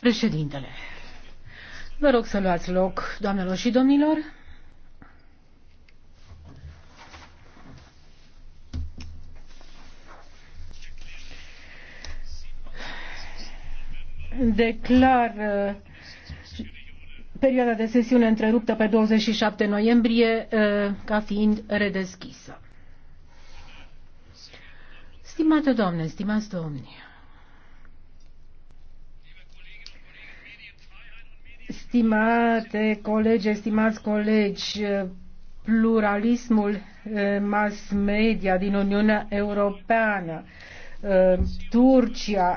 Președintele, vă rog să luați loc, doamnelor și domnilor. Declar uh, perioada de sesiune întreruptă pe 27 noiembrie uh, ca fiind redeschisă. Stimate doamne, stimați domni, stimate colegi, stimați colegi, pluralismul eh, mass media din Uniunea Europeană, eh, Turcia,